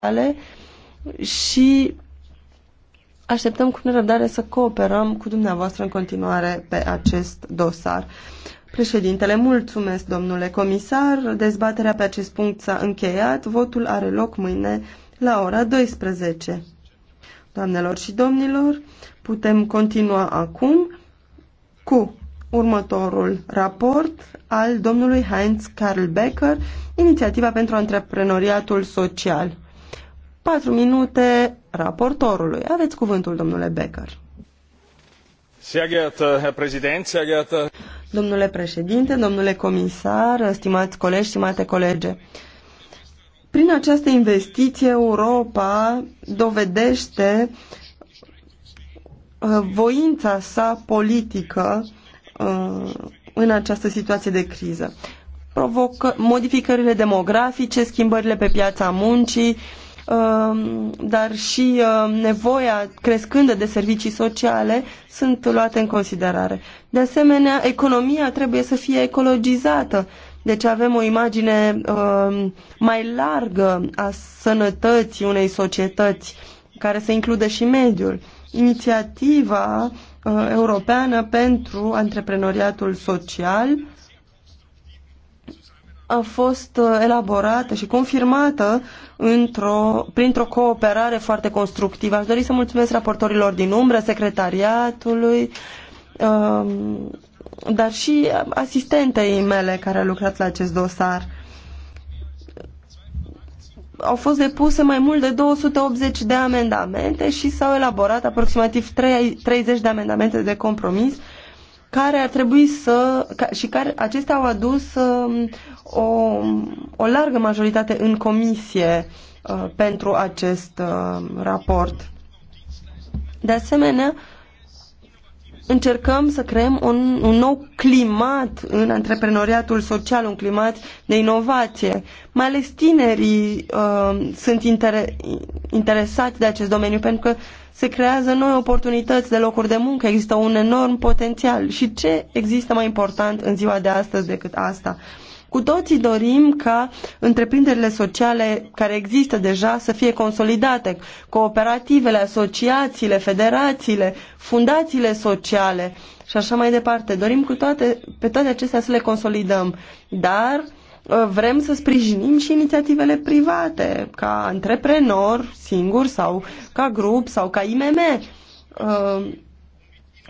sale și așteptăm cu nerăbdare să cooperăm cu dumneavoastră în continuare pe acest dosar. Președintele, mulțumesc, domnule comisar. Dezbaterea pe acest punct s-a încheiat. Votul are loc mâine la ora 12. Doamnelor și domnilor, putem continua acum cu următorul raport al domnului Heinz Karl Becker, Inițiativa pentru Antreprenoriatul Social. 4 minute raportorului. Aveți cuvântul, domnule Becker. Domnule președinte, domnule comisar, stimați colegi, stimate colege, prin această investiție Europa dovedește uh, voința sa politică uh, în această situație de criză. Provocă modificările demografice, schimbările pe piața muncii, Um, dar și um, nevoia crescândă de servicii sociale sunt luate în considerare. De asemenea, economia trebuie să fie ecologizată. Deci avem o imagine um, mai largă a sănătății unei societăți care să includă și mediul. Inițiativa uh, europeană pentru antreprenoriatul social a fost uh, elaborată și confirmată într-o, printr-o cooperare foarte constructivă. Aș dori să mulțumesc raportorilor din umbră, secretariatului, um, dar și asistentei mele care a lucrat la acest dosar. Au fost depuse mai mult de 280 de amendamente și s-au elaborat aproximativ 30 de amendamente de compromis care ar trebui să și care acestea au adus um, o, o largă majoritate în comisie uh, pentru acest uh, raport. De asemenea, încercăm să creăm un, un nou climat în antreprenoriatul social, un climat de inovație. Mai ales tinerii uh, sunt inter interesați de acest domeniu pentru că se creează noi oportunități de locuri de muncă, există un enorm potențial. Și ce există mai important în ziua de astăzi decât asta? Uh, cu toții dorim ca întreprinderile sociale care există deja să fie consolidate, cooperativele, asociațiile, federațiile, fundațiile sociale și așa mai departe. Dorim cu toate, pe toate acestea să le consolidăm, dar uh, vrem să sprijinim și inițiativele private, ca antreprenor singur sau ca grup sau ca IMM. Uh,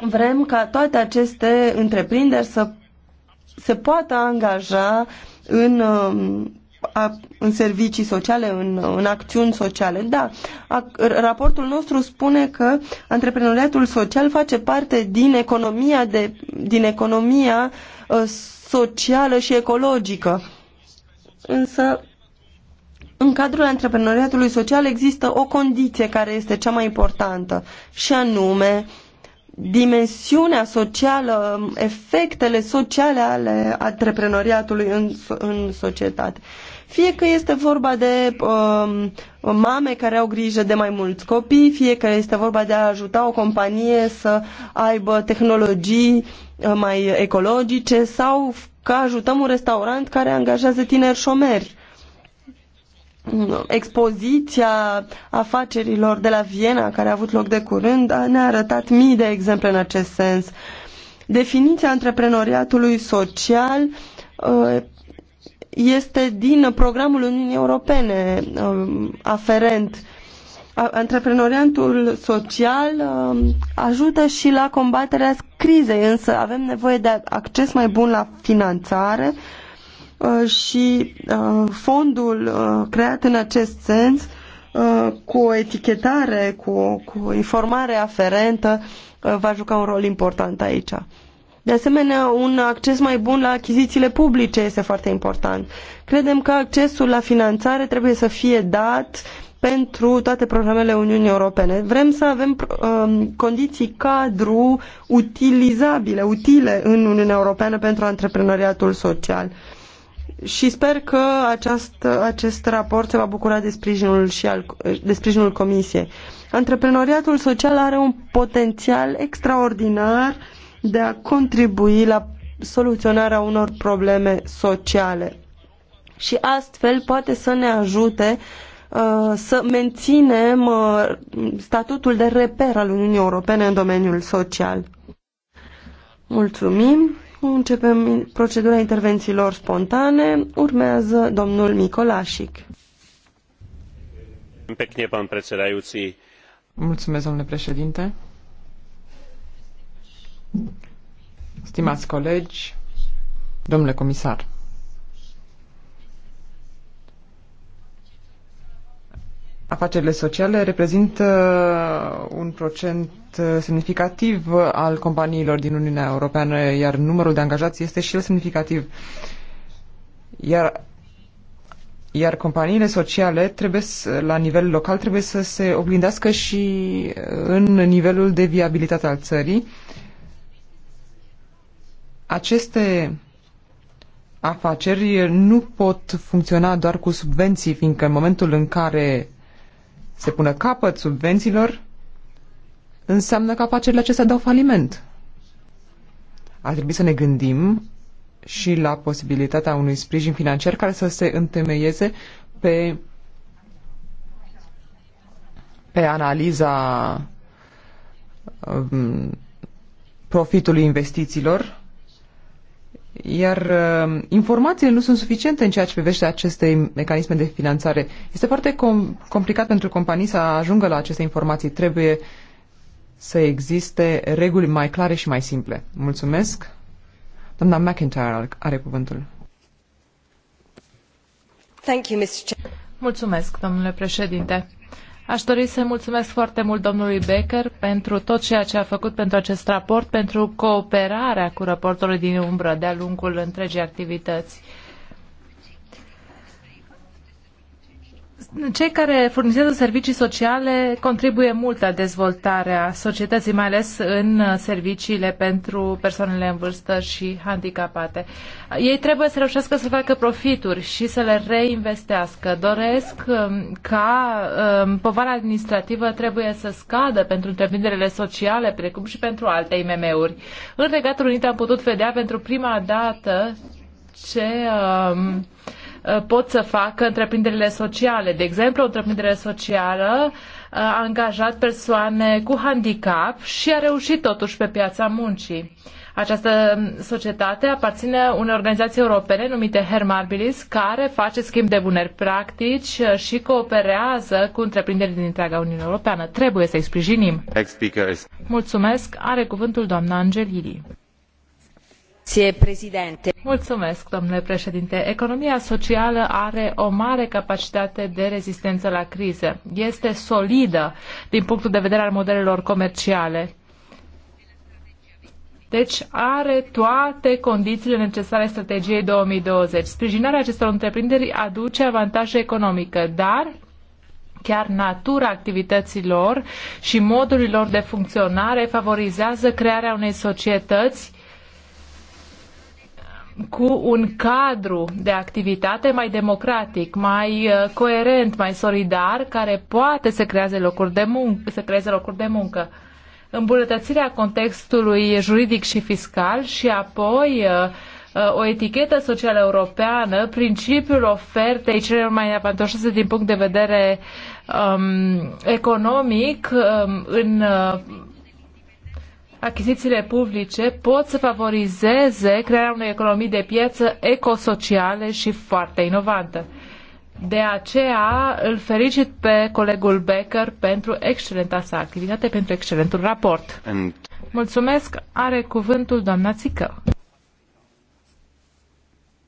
vrem ca toate aceste întreprinderi să se poată angaja în, uh, în servicii sociale, în, în acțiuni sociale. Da, raportul nostru spune că antreprenoriatul social face parte din economia, de, din economia uh, socială și ecologică. Însă, în cadrul antreprenoriatului social există o condiție care este cea mai importantă și anume uh, dimensiunea socială, efectele sociale ale antreprenoriatului în, în societate. Fie că este vorba de uh, mame care au grijă de mai mulți copii, fie că este vorba de a ajuta o companie să aibă tehnologii uh, mai ecologice sau că ajutăm un restaurant care angajează tineri șomeri expoziția afacerilor de la Viena, care a avut loc de curând, ne-a arătat mii de exemple în acest sens. Definiția antreprenoriatului social uh, este din programul Uniunii Europene uh, aferent. Antreprenoriatul social uh, ajută și la combaterea crizei, însă avem nevoie de acces mai bun la finanțare, Uh, și uh, fondul uh, creat în acest sens cu o etichetare, cu, cu o informare aferentă va juca un rol important aici. De asemenea, un acces mai bun la achizițiile publice este foarte important. Credem că accesul la finanțare trebuie să fie dat pentru toate programele Uniunii Europene. Vrem să avem um, condiții cadru utilizabile, utile în Uniunea Europeană pentru antreprenoriatul social. Uh, și sper că aceast, acest raport se va bucura de sprijinul, și al, de sprijinul Comisiei. Antreprenoriatul social are un potențial extraordinar de a contribui la soluționarea unor probleme sociale și astfel poate să ne ajute uh, să menținem uh, statutul de reper al Uniunii Europene în domeniul social. Mulțumim! Începem procedura intervențiilor spontane. Urmează domnul Micolașic. Mulțumesc, domnule președinte. Stimați colegi, domnule comisar. Afacerile sociale reprezintă uh, un procent uh, semnificativ uh, al companiilor din Uniunea Europeană, iar numărul de angajați este și el semnificativ. Iar, iar companiile sociale trebuie să, la nivel local trebuie să se oglindească și în nivelul de viabilitate al țării. Aceste afaceri nu pot funcționa doar cu subvenții, fiindcă în momentul în care se pună capăt subvențiilor, înseamnă că afacerile acestea dau faliment. Ar trebui să ne gândim și la posibilitatea unui sprijin financiar care să se întemeieze pe, pe analiza um, profitului investițiilor iar uh, informațiile nu sunt suficiente în ceea ce privește aceste mecanisme de finanțare. Este foarte com- complicat pentru companii să ajungă la aceste informații. Trebuie să existe reguli mai clare și mai simple. Mulțumesc. Doamna McIntyre are cuvântul. Thank you, Mr. Mulțumesc, domnule președinte. Aș dori să mulțumesc foarte mult domnului Becker pentru tot ceea ce a făcut pentru acest raport, pentru cooperarea cu raportorul din umbră de-a lungul întregii activități. Cei care furnizează servicii sociale contribuie mult la dezvoltarea societății, mai ales în serviciile pentru persoanele în vârstă și handicapate. Ei trebuie să reușească să facă profituri și să le reinvestească. Doresc um, ca um, povara administrativă trebuie să scadă pentru întreprinderile sociale, precum și pentru alte IMM-uri. În Regatul Unit am putut vedea pentru prima dată ce um, Uh, pot să facă întreprinderile sociale. De exemplu, o întreprindere socială uh, a angajat persoane cu handicap și a reușit totuși pe piața muncii. Această societate aparține unei organizații europene numite Hermabilis, care face schimb de bune practici uh, și cooperează cu întreprinderi din întreaga Uniune Europeană. Trebuie să-i sprijinim. Mulțumesc. Are cuvântul doamna Angelili. Mulțumesc, domnule președinte. Economia socială are o mare capacitate de rezistență la crize. Este solidă din punctul de vedere al modelelor comerciale. Deci are toate condițiile necesare strategiei 2020. Sprijinarea acestor întreprinderi aduce avantaje economice, dar chiar natura activităților și modurilor de funcționare favorizează crearea unei societăți cu un cadru de activitate mai democratic, mai uh, coerent, mai solidar, care poate să creeze locuri de muncă, să creeze locuri de muncă. Îmbunătățirea contextului juridic și fiscal și apoi uh, uh, o etichetă socială europeană, principiul ofertei celor mai avantajoase din punct de vedere um, economic um, în achizițiile publice pot să favorizeze crearea unei economii de piață ecosociale și foarte inovantă. De aceea îl felicit pe colegul Becker pentru excelenta sa activitate, pentru excelentul raport. Mulțumesc. Are cuvântul doamna Țică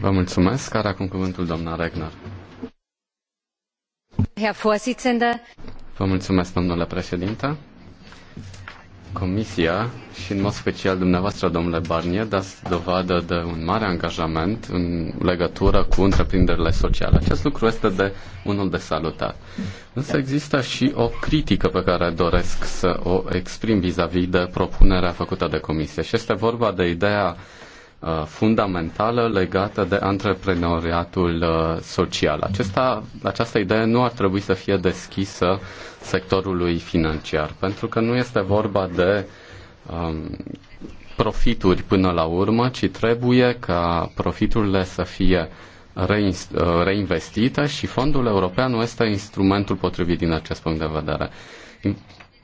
Vă mulțumesc. Care acum cuvântul doamna Regner? Vă mulțumesc, domnule președinte. Comisia și în mod special dumneavoastră, domnule Barnier, dați dovadă de un mare angajament în legătură cu întreprinderile sociale. Acest lucru este de unul de salutat. Însă există și o critică pe care doresc să o exprim vis-a-vis -vis de propunerea făcută de Comisie și este vorba de ideea Uh, fundamentală legată de antreprenoriatul uh, social. Acesta, această idee nu ar trebui să fie deschisă sectorului financiar, pentru că nu este vorba de um, profituri până la urmă, ci trebuie ca profiturile să fie uh, reinvestite și fondul european nu este instrumentul potrivit din acest punct de vedere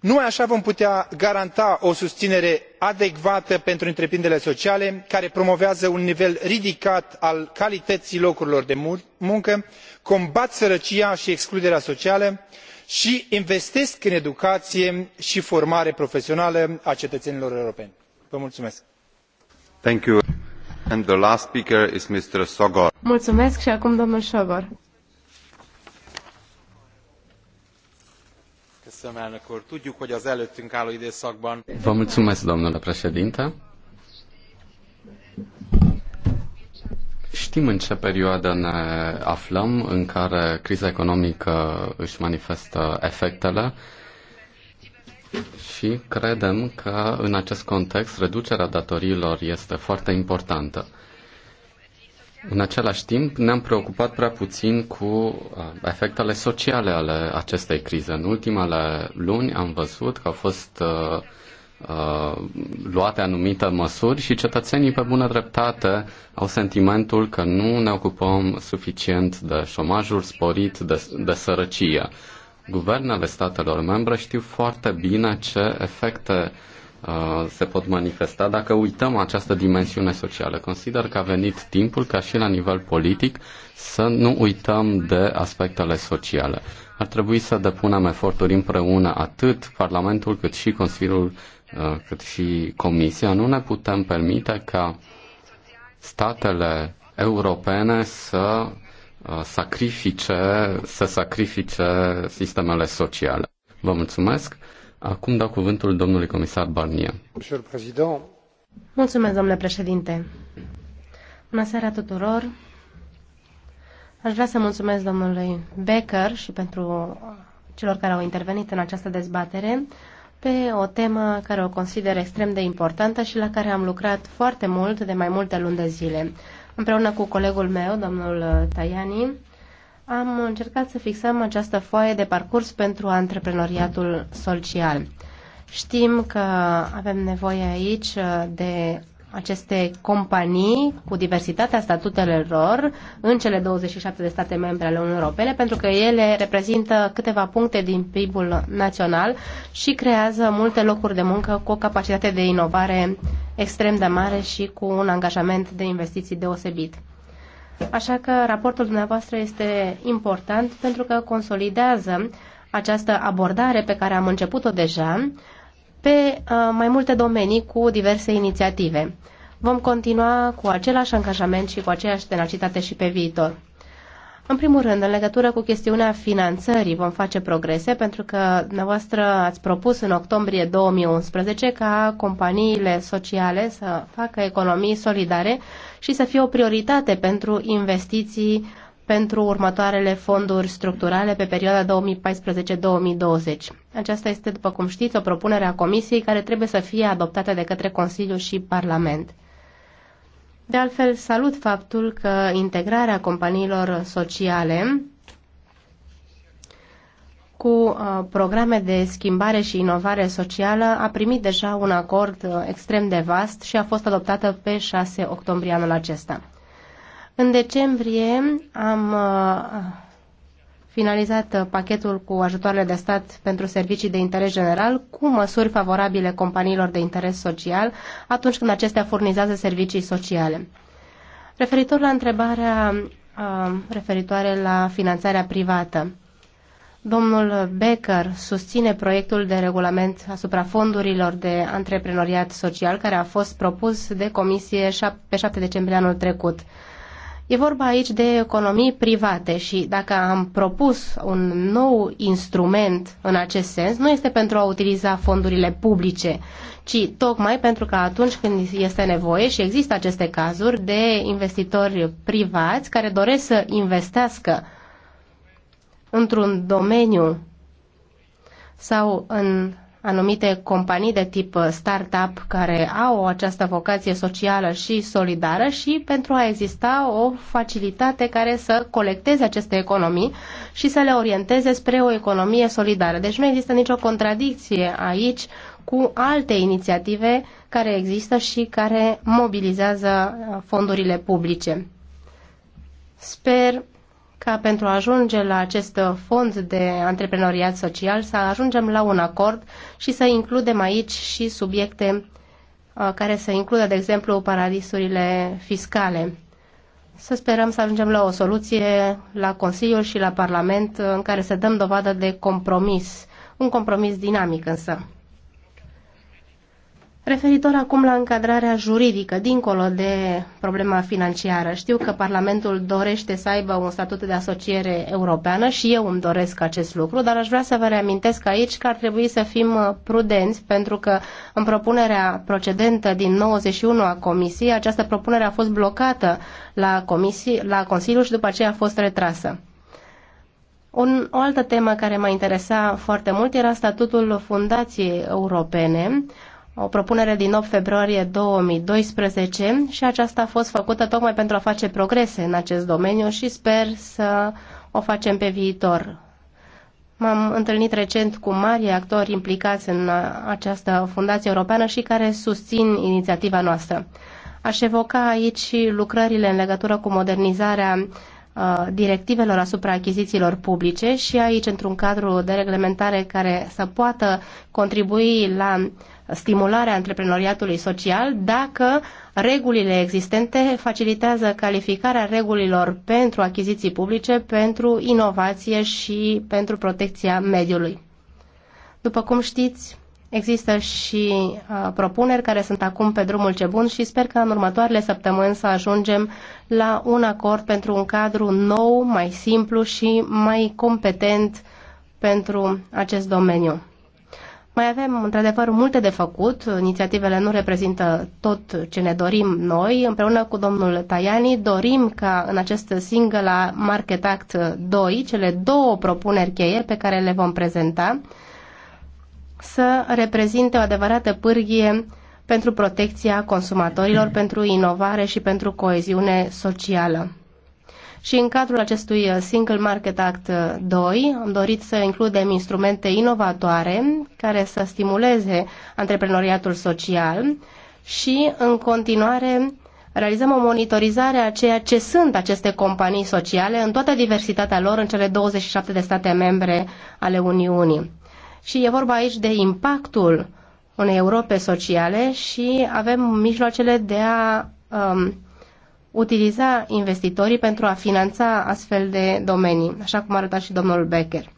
numai așa vom putea garanta o susținere adecvată pentru întreprinderile sociale care promovează un nivel ridicat al calității locurilor de muncă combat sărăcia și excluderea socială și investesc în educație și formare profesională a cetățenilor europeni. mulțumesc. Mulțumesc și acum domnul tudjuk hogy az előttünk álló időszakban. Vă mulțumesc, domnule președinte. Știm în ce perioadă ne aflăm în care criza economică își manifestă efectele și credem că în acest context reducerea datoriilor este foarte importantă. În același timp, ne-am preocupat prea puțin cu uh, efectele sociale ale acestei crize. În ultimele luni am văzut că au fost uh, uh, luate anumite măsuri și cetățenii, pe bună dreptate, au sentimentul că nu ne ocupăm suficient de șomajul sporit, de, de sărăcie. Guvernele statelor membre știu foarte bine ce efecte uh, Uh, se pot manifesta dacă uităm această dimensiune socială. Consider că a venit timpul ca și la nivel politic să nu uităm de aspectele sociale. Ar trebui să depunem eforturi împreună atât Parlamentul cât și Consiliul uh, cât și Comisia. Nu ne putem permite ca statele europene să uh, sacrifice, să sacrifice sistemele sociale. Vă mulțumesc! Acum dau cuvântul domnului comisar Barnier. Mulțumesc, domnule președinte. Bună seara tuturor. Aș vrea să mulțumesc domnului Becker și pentru celor care au intervenit în această dezbatere pe o temă care o consider extrem de importantă și la care am lucrat foarte mult de mai multe luni de zile. Împreună cu colegul meu, domnul Tajani, am încercat să fixăm această foaie de parcurs pentru antreprenoriatul social. Știm că avem nevoie aici uh, de aceste companii cu diversitatea statutelor lor în cele 27 de state membre ale Uniunii Europene, pentru că ele reprezintă câteva puncte din PIB-ul național și creează multe locuri de muncă cu o capacitate de inovare extrem de mare și cu un angajament de investiții deosebit. Așa că raportul dumneavoastră este important pentru că consolidează această abordare pe care am început-o deja pe uh, mai multe domenii cu diverse inițiative. Vom continua cu același angajament și cu aceeași tenacitate și pe viitor. În primul rând, în legătură cu chestiunea finanțării, vom face progrese pentru că dumneavoastră ați propus în octombrie 2011 ca companiile sociale să facă economii solidare și să fie o prioritate pentru investiții pentru următoarele fonduri structurale pe perioada 2014-2020. Aceasta este, după cum știți, o propunere a Comisiei care trebuie să fie adoptată de către Consiliu și Parlament. De altfel, salut faptul că integrarea companiilor sociale cu uh, programe de schimbare și inovare socială a primit deja un acord uh, extrem de vast și a fost adoptată pe 6 octombrie anul acesta. În decembrie am uh, finalizat uh, pachetul cu ajutoarele de stat pentru servicii de interes general cu măsuri favorabile companiilor de interes social atunci când acestea furnizează servicii sociale. Referitor la întrebarea uh, referitoare la finanțarea privată, domnul Becker susține proiectul de regulament asupra fondurilor de antreprenoriat social care a fost propus de comisie pe 7 decembrie anul trecut. E vorba aici de economii private și dacă am propus un nou instrument în acest sens, nu este pentru a utiliza fondurile publice, ci tocmai pentru că atunci când este nevoie și există aceste cazuri de investitori privați care doresc să investească într-un domeniu sau în anumite companii de tip uh, startup care au această vocație socială și solidară și pentru a exista o facilitate care să colecteze aceste economii și să le orienteze spre o economie solidară. Deci nu există nicio contradicție aici cu alte inițiative care există și care mobilizează uh, fondurile publice. Sper ca pentru a ajunge la acest fond de antreprenoriat social să ajungem la un acord și să includem aici și subiecte uh, care să includă, de exemplu, paradisurile fiscale. Să sperăm să ajungem la o soluție la Consiliu și la Parlament uh, în care să dăm dovadă de compromis, un compromis dinamic însă. Referitor acum la încadrarea juridică, dincolo de problema financiară, știu că Parlamentul dorește să aibă un statut de asociere europeană și eu îmi doresc acest lucru, dar aș vrea să vă reamintesc aici că ar trebui să fim uh, prudenți, pentru că în propunerea procedentă din 91 a Comisiei, această propunere a fost blocată la, Comisie, la Consiliu și după aceea a fost retrasă. Un, o altă temă care m-a interesat foarte mult era statutul Fundației Europene, o propunere din 8 februarie 2012 și aceasta a fost făcută tocmai pentru a face progrese în acest domeniu și sper să o facem pe viitor. M-am întâlnit recent cu mari actori implicați în această fundație europeană și care susțin inițiativa noastră. Aș evoca aici lucrările în legătură cu modernizarea Uh, directivelor asupra achizițiilor publice și aici într-un cadru de reglementare care să poată contribui la stimularea antreprenoriatului social dacă regulile existente facilitează calificarea regulilor pentru achiziții publice, pentru inovație și pentru protecția mediului. După cum știți, Există și uh, propuneri care sunt acum pe drumul ce bun și sper că în următoarele săptămâni să ajungem la un acord pentru un cadru nou, mai simplu și mai competent pentru acest domeniu. Mai avem, într-adevăr, multe de făcut. Inițiativele nu reprezintă tot ce ne dorim noi. Împreună cu domnul Tajani dorim ca în acest single Market Act 2, cele două propuneri cheie pe care le vom prezenta, să reprezinte o adevărată pârghie pentru protecția consumatorilor, pentru inovare și pentru coeziune socială. Și în cadrul acestui uh, Single Market Act 2 uh, am dorit să includem instrumente inovatoare care să stimuleze antreprenoriatul social și în continuare realizăm o monitorizare a ceea ce sunt aceste companii sociale în toată diversitatea lor în cele 27 de state membre ale Uniunii. Și e vorba aici de impactul unei Europe sociale și avem mijloacele de a um, utiliza investitorii pentru a finanța astfel de domenii, așa cum arăta și domnul Becker.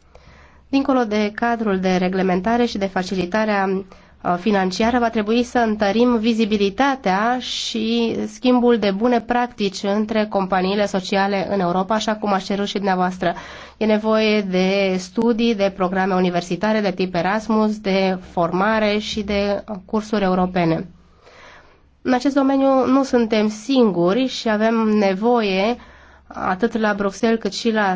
Dincolo de cadrul de reglementare și de facilitarea Uh, financiară, va trebui să întărim vizibilitatea și schimbul de bune practici între companiile sociale în Europa, așa cum a cerut și dumneavoastră. E nevoie de studii, de programe universitare de tip Erasmus, de formare și de cursuri europene. În acest domeniu nu suntem singuri și avem nevoie atât la Bruxelles cât și la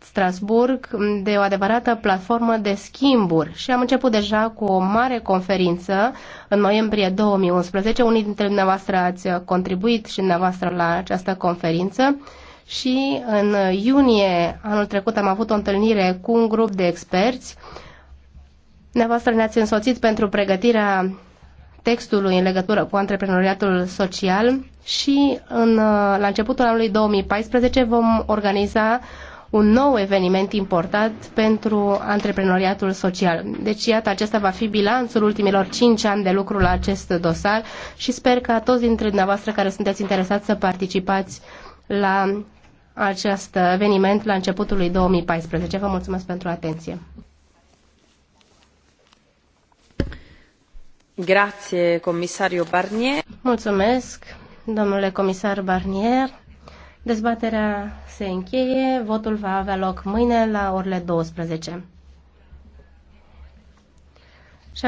Strasburg de o adevărată platformă de schimburi și am început deja cu o mare conferință în noiembrie 2011. Unii dintre dumneavoastră ați contribuit și dumneavoastră la această conferință și în iunie anul trecut am avut o întâlnire cu un grup de experți. Dumneavoastră ne-ați însoțit pentru pregătirea textului în legătură cu antreprenoriatul social și în, la începutul anului 2014 vom organiza un nou eveniment important pentru antreprenoriatul social. Deci, iată, acesta va fi bilanțul ultimilor 5 ani de lucru la acest dosar și sper ca toți dintre dumneavoastră care sunteți interesați să participați la acest eveniment la începutul lui 2014. Vă mulțumesc pentru atenție. Grazie, comisario Barnier. Mulțumesc, domnule comisar Barnier. Dezbaterea se încheie, votul va avea loc mâine la orele 12.